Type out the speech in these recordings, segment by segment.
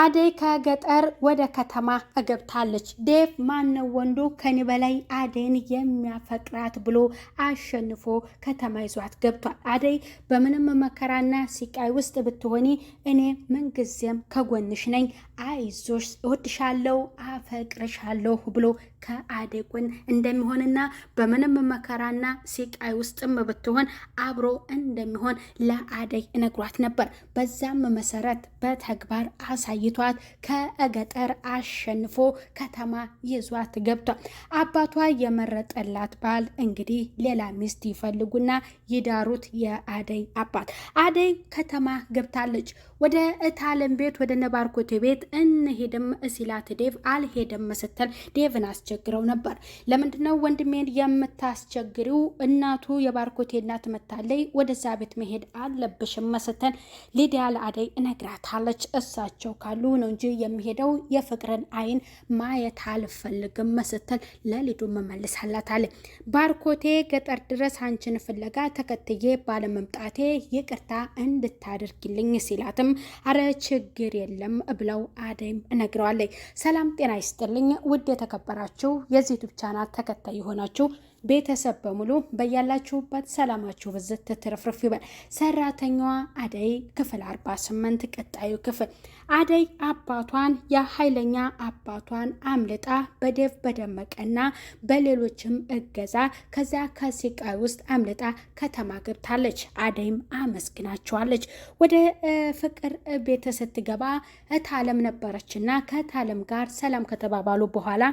አደይ ከገጠር ወደ ከተማ እገብታለች። ዴቭ ማነው ወንዱ ከኔ በላይ አደይን የሚያፈቅራት ብሎ አሸንፎ ከተማ ይዟት ገብቷል። አደይ በምንም መከራና ሲቃይ ውስጥ ብትሆኒ እኔ ምንጊዜም ከጎንሽ ነኝ፣ አይዞሽ፣ እወድሻለሁ፣ አፈቅርሻለሁ ብሎ ከአደይ ጎን እንደሚሆንና በምንም መከራና ሲቃይ ውስጥም ብትሆን አብሮ እንደሚሆን ለአደይ ነግሯት ነበር። በዛም መሰረት በተግባር አሳይቷት ከገጠር አሸንፎ ከተማ ይዟት ገብቷል። አባቷ የመረጠላት ባል እንግዲህ ሌላ ሚስት ይፈልጉና ይዳሩት የአደይ አባት። አደይ ከተማ ገብታለች። ወደ እታለም ቤት ወደ ነባርኮቴ ቤት እንሄድም ሲላት ዴቭ አልሄድም ስትል ዴቭን ስታስቸግረው ነበር። ለምንድን ነው ወንድሜን የምታስቸግሪው? እናቱ የባርኮቴ እናት መታለይ ወደዛ ቤት መሄድ አለብሽም መስተን ሊዲያ ለአደይ እነግራታለች። እሳቸው ካሉ ነው እንጂ የሚሄደው የፍቅርን አይን ማየት አልፈልግም መስተን ለሊዱ መመልሳላት አለ። ባርኮቴ ገጠር ድረስ አንቺን ፍለጋ ተከትዬ ባለመምጣቴ ይቅርታ እንድታደርግልኝ ሲላትም አረ ችግር የለም ብለው አደይም እነግረዋለች። ሰላም ጤና ይስጥልኝ ውድ የተከበራችሁ የሆናችሁ የዚህ ዩቱብ ቻናል ተከታይ የሆናችሁ ቤተሰብ በሙሉ በያላችሁበት ሰላማችሁ ብዝት ትትረፍርፍ ይበል። ሰራተኛዋ አደይ ክፍል 48 ቀጣዩ ክፍል። አደይ አባቷን የኃይለኛ አባቷን አምልጣ በደፍ በደመቀና በሌሎችም እገዛ ከዚያ ከሲቃይ ውስጥ አምልጣ ከተማ ገብታለች። አደይም አመስግናቸዋለች። ወደ ፍቅር ቤት ስትገባ እታለም ነበረችና ከእታለም ጋር ሰላም ከተባባሉ በኋላ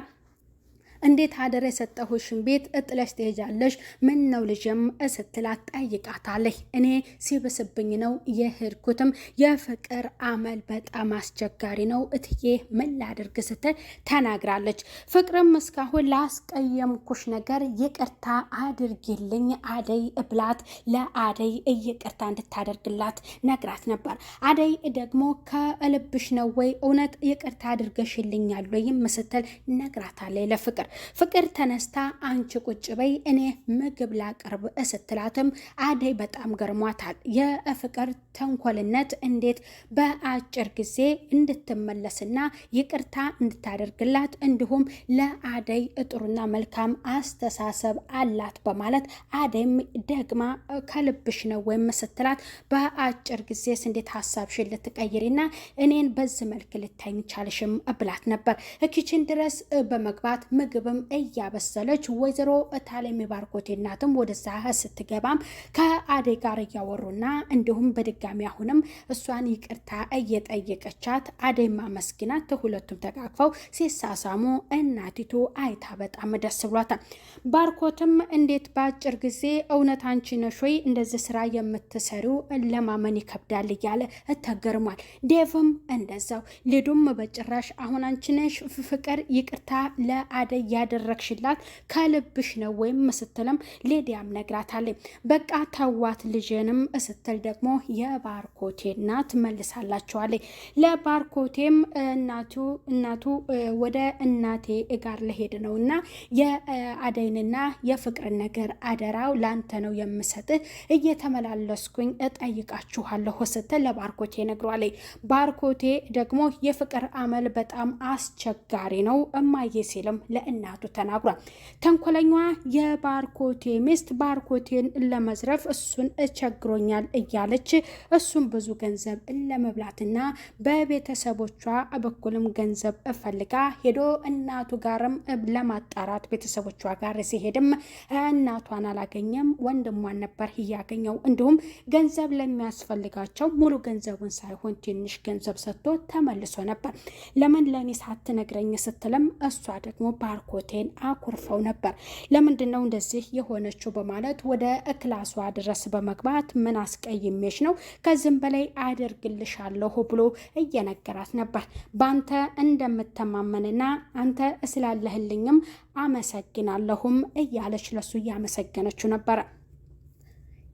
እንዴት አደረ የሰጠሁሽን ቤት እጥለሽ ትሄጃለሽ? ምን ነው ልጅም እስትላት ጠይቃታለች። እኔ ሲብስብኝ ነው የሄድኩትም የፍቅር አመል በጣም አስቸጋሪ ነው እትዬ ምን ላድርግ ስትል ተናግራለች። ፍቅርም እስካሁን ላስቀየምኩሽ ነገር ይቅርታ አድርጊልኝ አደይ እብላት ለአደይ እየቅርታ እንድታደርግላት ነግራት ነበር። አደይ ደግሞ ከልብሽ ነው ወይ እውነት ይቅርታ አድርገሽልኛል ወይም ስትል ነግራታለች ለፍቅር ፍቅር ተነስታ አንቺ ቁጭ በይ እኔ ምግብ ላቀርብ ስትላትም አደይ በጣም ገርሟታል። የፍቅር ተንኮልነት እንዴት በአጭር ጊዜ እንድትመለስና ይቅርታ እንድታደርግላት እንዲሁም ለአደይ እጥሩና መልካም አስተሳሰብ አላት በማለት አደይም ደግማ ከልብሽ ነው ወይም ስትላት በአጭር ጊዜስ እንዴት ሀሳብሽን ልትቀይሪና እኔን በዚህ መልክ ልታይኝ ቻልሽም ብላት ነበር። ኪችን ድረስ በመግባት ምግብ ምግብም እያበሰለች ወይዘሮ እታሌ ባርኮቴ እናትም ወደዛ ስትገባም ከአዴ ጋር እያወሩና እንዲሁም በድጋሚ አሁንም እሷን ይቅርታ እየጠየቀቻት አዴማ መስኪናት ሁለቱም ተቃቅፈው ሲሳሳሙ እናቲቱ አይታ በጣም ደስ ብሏታል። ባርኮትም እንዴት በአጭር ጊዜ እውነት አንቺ ነሽ ወይ እንደዚህ ስራ የምትሰሪው ለማመን ይከብዳል እያለ ተገርሟል። ዴቭም እንደዛው ሊዱም በጭራሽ አሁን አንቺ ነሽ ፍቅር ይቅርታ ለአደይ ያደረግሽላት ከልብሽ ነው ወይም ስትልም ሌዲያም ነግራታለች። በቃ ተዋት ልጅንም ስትል ደግሞ የባርኮቴ እናት መልሳላቸዋለች። ለባርኮቴም እናቱ እናቱ ወደ እናቴ ጋር ለሄድ ነው እና የአደይንና የፍቅርን ነገር አደራው ለአንተ ነው የምሰጥህ እየተመላለስኩኝ እጠይቃችኋለሁ ስትል ለባርኮቴ ነግሯለች። ባርኮቴ ደግሞ የፍቅር አመል በጣም አስቸጋሪ ነው እማዬ ሲልም ለእና ለእናቱ ተናግሯል። ተንኮለኛዋ የባርኮቴ ሚስት ባርኮቴን ለመዝረፍ እሱን እቸግሮኛል እያለች እሱን ብዙ ገንዘብ ለመብላትና በቤተሰቦቿ በኩልም ገንዘብ ፈልጋ ሄዶ እናቱ ጋርም ለማጣራት ቤተሰቦቿ ጋር ሲሄድም እናቷን አላገኘም፣ ወንድሟን ነበር እያገኘው። እንዲሁም ገንዘብ ለሚያስፈልጋቸው ሙሉ ገንዘቡን ሳይሆን ትንሽ ገንዘብ ሰጥቶ ተመልሶ ነበር። ለምን ለእኔ ሳትነግረኝ ስትልም እሷ ደግሞ ባር ኮቴን አኩርፈው ነበር። ለምንድን ነው እንደዚህ የሆነችው በማለት ወደ ክላሷ ድረስ በመግባት ምን አስቀይሜሽ ነው ከዚህም በላይ አደርግልሻለሁ ብሎ እየነገራት ነበር። በአንተ እንደምተማመንና አንተ ስላለህልኝም አመሰግናለሁም እያለች ለሱ እያመሰገነችው ነበረ።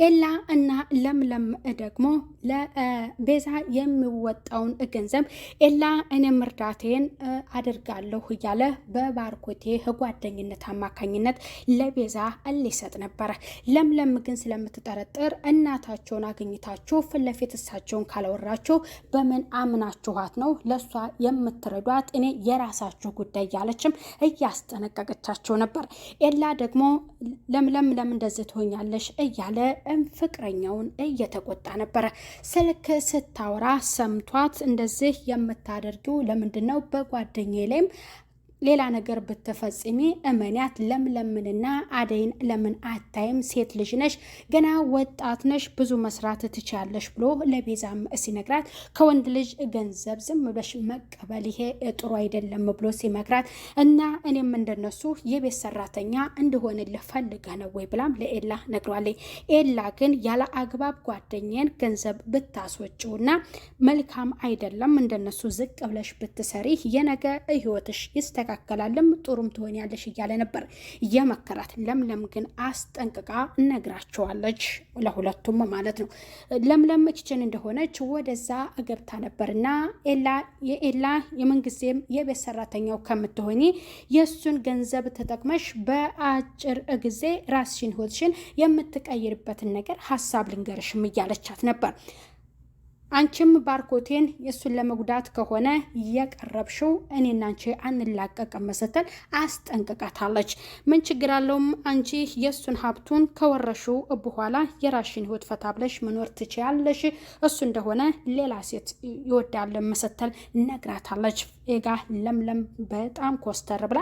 ኤላ እና ለምለም ደግሞ ለቤዛ የሚወጣውን ገንዘብ ኤላ እኔ ምርዳቴን አድርጋለሁ እያለ በባርኮቴ ጓደኝነት አማካኝነት ለቤዛ ሊሰጥ ነበረ። ለምለም ግን ስለምትጠረጥር እናታቸውን አግኝታችሁ ፊት ለፊት እሳቸውን ካላወራችሁ በምን አምናችኋት ነው ለእሷ የምትረዷት? እኔ የራሳችሁ ጉዳይ እያለችም እያስጠነቀቀቻቸው ነበር። ኤላ ደግሞ ለምለም ለምን እንደዚህ ትሆኛለሽ እያለ ፍቅረኛውን እየተቆጣ ነበረ። ስልክ ስታወራ ሰምቷት እንደዚህ የምታደርጊው ለምንድን ነው? በጓደኛዬ ላይም ሌላ ነገር ብትፈጽሚ እመንያት ለምለምንና አደይን ለምን አታይም? ሴት ልጅ ነሽ፣ ገና ወጣት ነሽ፣ ብዙ መስራት ትችያለሽ ብሎ ለቤዛም ሲነግራት ከወንድ ልጅ ገንዘብ ዝም ብለሽ መቀበል ይሄ ጥሩ አይደለም ብሎ ሲመክራት እና እኔም እንደነሱ የቤት ሰራተኛ እንድሆንልህ ፈልገህ ነው ወይ ብላም ለኤላ ነግሯለኝ። ኤላ ግን ያለ አግባብ ጓደኛን ገንዘብ ብታስወጪው እና መልካም አይደለም እንደነሱ ዝቅ ብለሽ ብትሰሪ የነገ ህይወትሽ ይስተካል እንስተካከላለም ጥሩም ትሆኛለሽ እያለ ነበር የመከራት። ለምለም ግን አስጠንቅቃ እነግራቸዋለች ለሁለቱም ማለት ነው። ለምለም ኪችን እንደሆነች ወደዛ ገብታ ነበርና የኤላ የምንጊዜም የቤት ሰራተኛው ከምትሆኒ የእሱን ገንዘብ ተጠቅመሽ በአጭር ጊዜ ራስሽን ህይወትሽን የምትቀይርበትን ነገር ሀሳብ ልንገርሽም እያለቻት ነበር። አንቺም ባርኮቴን እሱን ለመጉዳት ከሆነ የቀረብሽው እኔና አንቺ አንላቀቅም ስትል አስጠንቅቃታለች። ምን ችግር አለውም አንቺ የእሱን ሀብቱን ከወረሽው በኋላ የራሽን ህይወት ፈታ ብለሽ መኖር ትችያለሽ፣ እሱ እንደሆነ ሌላ ሴት ይወዳል ስትል ነግራታለች። ኤጋ ለምለም በጣም ኮስተር ብላ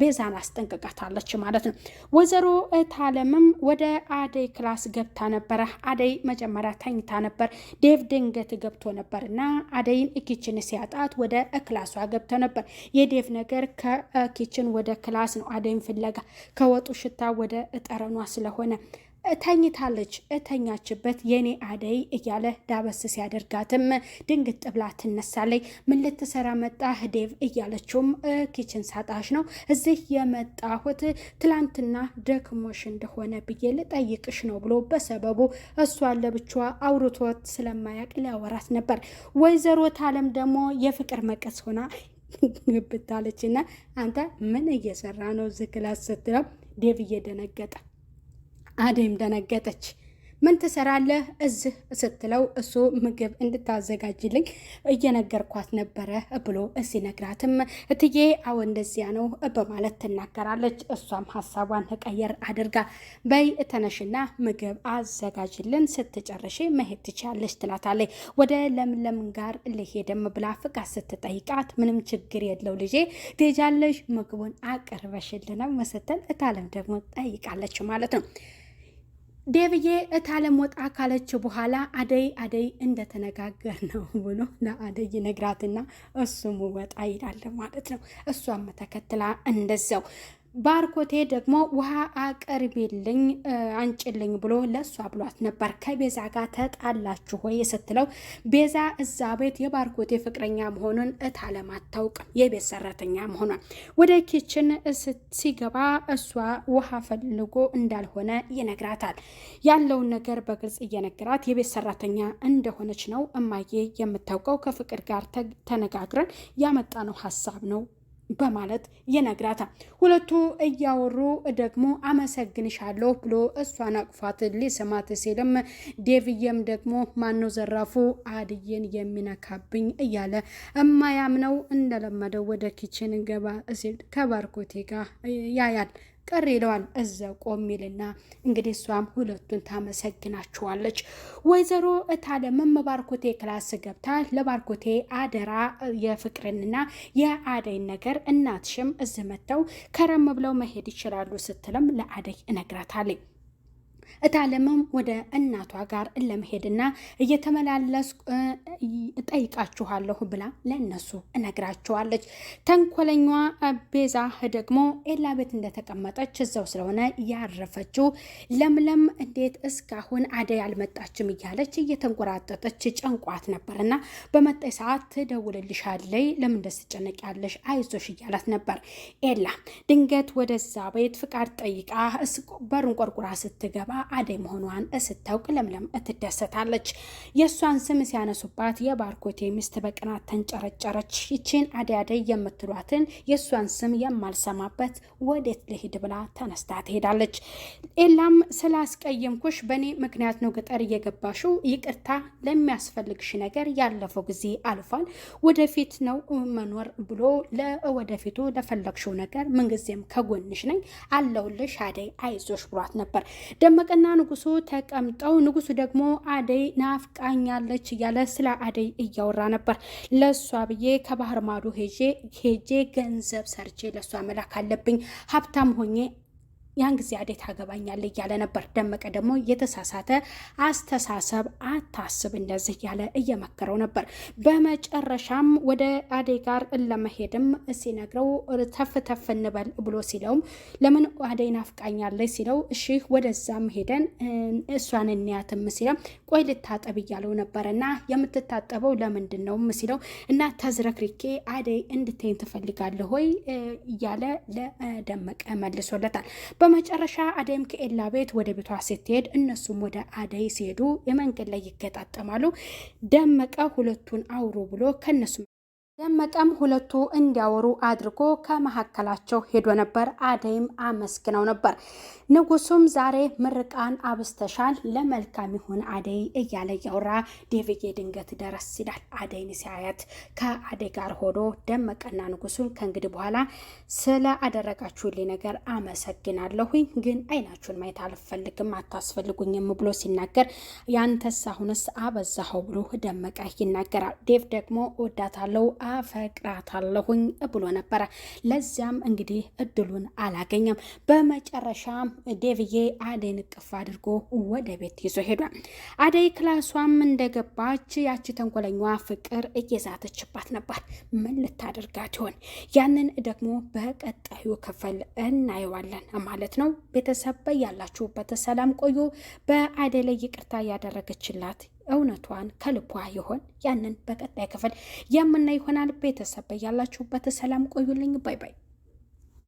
ቤዛን አስጠንቅቃታለች ማለት ነው። ወይዘሮ እታለምም ወደ አደይ ክላስ ገብታ ነበረ። አደይ መጀመሪያ ተኝታ ነበር። ዴቭ ድንገት ገብቶ ነበር እና አደይን እኪችን ሲያጣት ወደ ክላሷ ገብተ ነበር። የዴቭ ነገር ከኪችን ወደ ክላስ ነው አደይን ፍለጋ ከወጡ ሽታ ወደ ጠረኗ ስለሆነ ተኝታለች እተኛችበት የኔ አደይ እያለ ዳበስ ሲያደርጋትም ድንግት ጥብላ ትነሳለች። ምን ልትሰራ መጣህ ዴቭ እያለችውም ኪችን ሳጣሽ ነው እዚህ የመጣሁት ትላንትና ደክሞሽ እንደሆነ ብዬ ልጠይቅሽ ነው ብሎ በሰበቡ እሷ ለብቻዋ አውርቶት ስለማያቅ ሊያወራት ነበር። ወይዘሮ ታለም ደግሞ የፍቅር መቀስ ሆና ብታለችና አንተ ምን እየሰራ ነው ዝግላት ስትለው ዴቭ እየደነገጠ አደይም ደነገጠች። ምን ትሰራለህ እዚህ ስትለው እሱ ምግብ እንድታዘጋጅልኝ እየነገርኳት ነበረ ብሎ ሲነግራትም እትዬ አዎ እንደዚያ ነው በማለት ትናገራለች። እሷም ሀሳቧን ቀየር አድርጋ በይ ተነሽና ምግብ አዘጋጅልን ስትጨርሽ መሄድ ትችያለሽ ትላታለች። ወደ ለምለም ጋር ልሄድም ብላ ፍቃድ ስትጠይቃት ምንም ችግር የለው ልጄ ትሄጃለሽ ምግቡን አቅርበሽልንም ስትል እታለም ደግሞ ጠይቃለች ማለት ነው። ዴብዬ እታለም ወጣ ካለች በኋላ አደይ አደይ እንደተነጋገር ነው ብሎ ለአደይ ነግራትና እሱም ወጣ ይላል ማለት ነው። እሷም ተከትላ እንደዛው ባርኮቴ ደግሞ ውሃ አቅርቢልኝ አንጭልኝ ብሎ ለእሷ ብሏት ነበር። ከቤዛ ጋር ተጣላችሁ ሆይ ስትለው ቤዛ እዛ ቤት የባርኮቴ ፍቅረኛ መሆኑን እታለም አታውቅም፣ የቤት ሰራተኛ መሆኗን። ወደ ኪችን ሲገባ እሷ ውሃ ፈልጎ እንዳልሆነ ይነግራታል። ያለውን ነገር በግልጽ እየነገራት የቤት ሰራተኛ እንደሆነች ነው እማዬ የምታውቀው፣ ከፍቅር ጋር ተነጋግረን ያመጣነው ሀሳብ ነው በማለት ይነግራታል። ሁለቱ እያወሩ ደግሞ አመሰግንሻለሁ ብሎ እሷን አቅፏት ሊስማት ሲልም ዴቭዬም ደግሞ ማነው ዘራፉ አድዬን የሚነካብኝ እያለ እማያምነው እንደለመደው ወደ ኪችን ገባ ሲል ከባርኮቴ ጋር ያያል። ቅር ይለዋል። እዛ ቆም ይልና እንግዲህ እሷም ሁለቱን ታመሰግናችኋለች። ወይዘሮ እታለምም ባርኮቴ ክላስ ገብታ ለባርኮቴ አደራ የፍቅርንና የአደይ ነገር እናትሽም እዚህ መጥተው ከረም ብለው መሄድ ይችላሉ ስትልም ለአደይ እነግራታለኝ። እታለምም ወደ እናቷ ጋር ለመሄድና እየተመላለስ እጠይቃችኋለሁ ብላ ለእነሱ እነግራችኋለች። ተንኮለኛ ቤዛ ደግሞ ኤላ ቤት እንደተቀመጠች እዛው ስለሆነ ያረፈችው ለምለም እንዴት እስካሁን አደይ አልመጣችም እያለች እየተንቆራጠጠች ጨንቋት ነበርና በመጣይ ሰዓት ትደውልልሻለይ ለምን ደስ አይዞሽ እያላት ነበር። ኤላ ድንገት ወደዛ ቤት ፍቃድ ጠይቃ በሩን ቆርቁራ ስትገባ አደይ መሆኗን ስታውቅ ለምለም ትደሰታለች። የእሷን ስም ሲያነሱባት የባርኮቴ ሚስት በቅናት ተንጨረጨረች። ይችን አደይ አደይ የምትሏትን የእሷን ስም የማልሰማበት ወዴት ልሂድ ብላ ተነስታ ትሄዳለች። ኤላም ስላስቀየምኩሽ በእኔ ምክንያት ነው ገጠር እየገባሽው፣ ይቅርታ ለሚያስፈልግሽ ነገር ያለፈው ጊዜ አልፏል፣ ወደፊት ነው መኖር ብሎ ለወደፊቱ ለፈለግሽው ነገር ምንጊዜም ከጎንሽ ነኝ አለሁልሽ አደይ አይዞሽ ብሏት ነበር። ደመቀ ታላቅና ንጉሱ ተቀምጠው ንጉሱ ደግሞ አደይ ናፍቃኛለች እያለ ስለ አደይ እያወራ ነበር። ለእሷ ብዬ ከባህር ማዶ ሄጄ ገንዘብ ሰርቼ ለእሷ መላክ አለብኝ ሀብታም ሆኜ ያን ጊዜ አዴት አገባኛል እያለ ነበር። ደመቀ ደግሞ የተሳሳተ አስተሳሰብ አታስብ እንደዚህ እያለ እየመከረው ነበር። በመጨረሻም ወደ አዴ ጋር ለመሄድም ሲነግረው ተፍ ተፍ እንበል ብሎ ሲለውም ለምን አዴ ናፍቃኛለች ሲለው እሺ ወደዛም ሄደን እሷን እንያትም ሲለው ቆይ ልታጠብ እያለው ነበር እና የምትታጠበው ለምንድን ነው ሲለው እና ተዝረክሪኬ አዴ እንድትይን ትፈልጋለህ ሆይ እያለ ለደመቀ መልሶለታል። በመጨረሻ አደይም ከኤላ ቤት ወደ ቤቷ ስትሄድ እነሱም ወደ አደይ ሲሄዱ የመንገድ ላይ ይገጣጠማሉ። ደመቀ ሁለቱን አውሮ ብሎ ከነሱ ደመቀም ሁለቱ እንዲያወሩ አድርጎ ከመሀከላቸው ሄዶ ነበር። አደይም አመስግነው ነበር። ንጉሱም ዛሬ ምርቃን አብስተሻል፣ ለመልካም ይሁን አደይ እያለ እያወራ ዴቪጌ ድንገት ደረስ ይላል። አደይን ሲያያት ከአደይ ጋር ሆዶ ደመቀና ንጉሱን ከእንግዲህ በኋላ ስለ አደረጋችሁልኝ ነገር አመሰግናለሁኝ፣ ግን አይናችሁን ማየት አልፈልግም፣ አታስፈልጉኝም ብሎ ሲናገር ያንተስ አሁንስ አበዛኸው ብሎ ደመቀ ይናገራል። ዴቭ ደግሞ ወዳታለው አፈቅራታለሁኝ ብሎ ነበረ። ለዚያም እንግዲህ እድሉን አላገኘም። በመጨረሻም ዴቭዬ አደይን እቅፍ አድርጎ ወደ ቤት ይዞ ሄዷል። አደይ ክላሷም እንደገባች ያቺ ተንኮለኛዋ ፍቅር እየዛተችባት ነበር። ምን ልታደርጋት ይሆን? ያንን ደግሞ በቀጣዩ ክፍል እናየዋለን ማለት ነው። ቤተሰብ በያላችሁበት ሰላም ቆዩ። በአደይ ላይ ይቅርታ ያደረገችላት እውነቷን ከልቧ ይሆን? ያንን በቀጣይ ክፍል የምና ይሆናል። ቤተሰብ ያላችሁበት ሰላም ቆዩልኝ። ባይ ባይ።